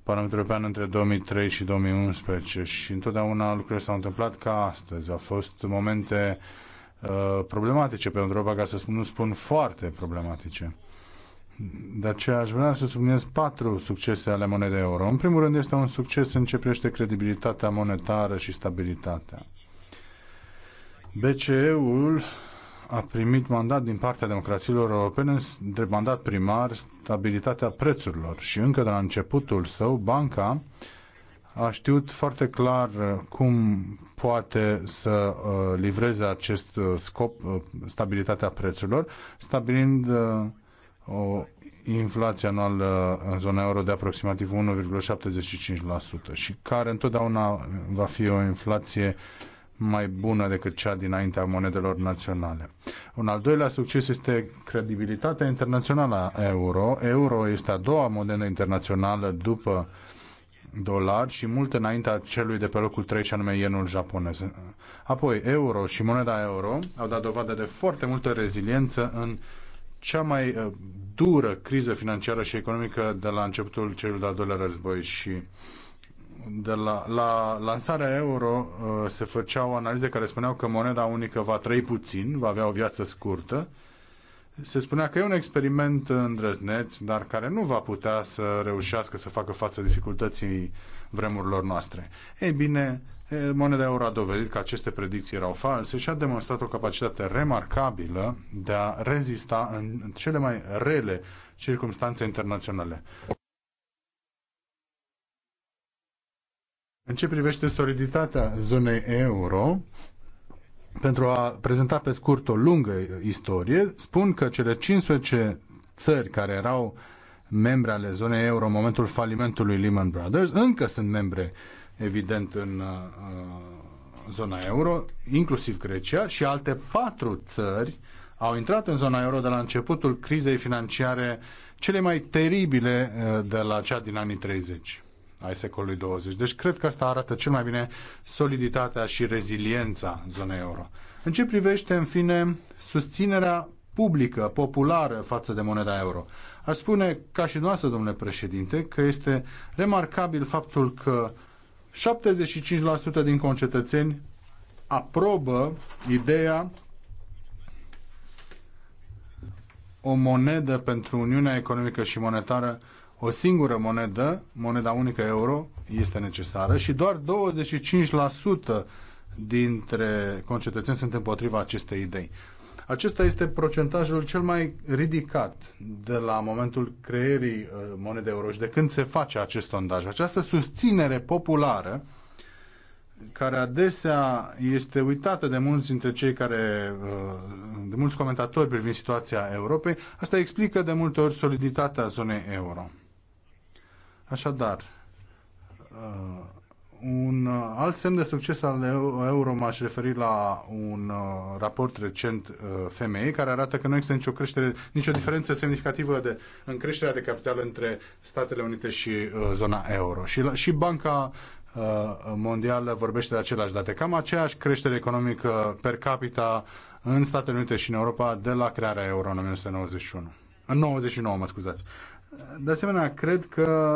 Parlamentul European între 2003 și 2011 și întotdeauna lucrurile s-au întâmplat ca astăzi. Au fost momente uh, problematice pentru Europa, ca să spun, nu spun foarte problematice. De aceea aș vrea să subliniez patru succese ale monedei euro. În primul rând este un succes în ce privește credibilitatea monetară și stabilitatea. BCE-ul a primit mandat din partea democrațiilor europene, de mandat primar, stabilitatea prețurilor. Și încă de la începutul său, banca a știut foarte clar cum poate să uh, livreze acest uh, scop, uh, stabilitatea prețurilor, stabilind o inflație anuală în zona euro de aproximativ 1,75% și care întotdeauna va fi o inflație uh, mai bună decât cea dinaintea monedelor naționale. Un al doilea succes este credibilitatea internațională a euro. Euro este a doua monedă internațională după dolar și mult înaintea celui de pe locul 3 și anume ienul japonez. Apoi euro și moneda euro au dat dovadă de foarte multă reziliență în cea mai uh, dură criză financiară și economică de la începutul celui de-al doilea război și de la, la lansarea euro uh, se făceau analize care spuneau că moneda unică va trăi puțin, va avea o viață scurtă. Se spunea că e un experiment îndrăzneț, dar care nu va putea să reușească să facă față dificultății vremurilor noastre. Ei bine, moneda euro a dovedit că aceste predicții erau false și a demonstrat o capacitate remarcabilă de a rezista în cele mai rele circumstanțe internaționale. În ce privește soliditatea zonei euro, pentru a prezenta pe scurt o lungă istorie, spun că cele 15 țări care erau membre ale zonei euro în momentul falimentului Lehman Brothers încă sunt membre, evident, în uh, zona euro, inclusiv Grecia, și alte patru țări au intrat în zona euro de la începutul crizei financiare cele mai teribile uh, de la cea din anii 30 ai secolului 20. Deci cred că asta arată cel mai bine soliditatea și reziliența zonei euro. În ce privește, în fine, susținerea publică, populară față de moneda euro. Aș spune, ca și noastră, domnule președinte, că este remarcabil faptul că 75% din concetățeni aprobă ideea o monedă pentru Uniunea Economică și Monetară o singură monedă, moneda unică euro, este necesară și doar 25% dintre concetățeni sunt împotriva acestei idei. Acesta este procentajul cel mai ridicat de la momentul creierii uh, monedei euro și de când se face acest sondaj. Această susținere populară care adesea este uitată de mulți dintre cei care, uh, de mulți comentatori privind situația Europei, asta explică de multe ori soliditatea zonei euro. Așadar, uh, un alt semn de succes al euro m-aș referi la un uh, raport recent uh, femei care arată că nu există nicio creștere, nicio diferență semnificativă de, în creșterea de capital între Statele Unite și zona euro. Și, la, și Banca Mondială vorbește de aceleași date. Cam aceeași creștere economică per capita în Statele Unite și în Europa de la crearea euro în 1991. În 99, mă scuzați. De asemenea, cred că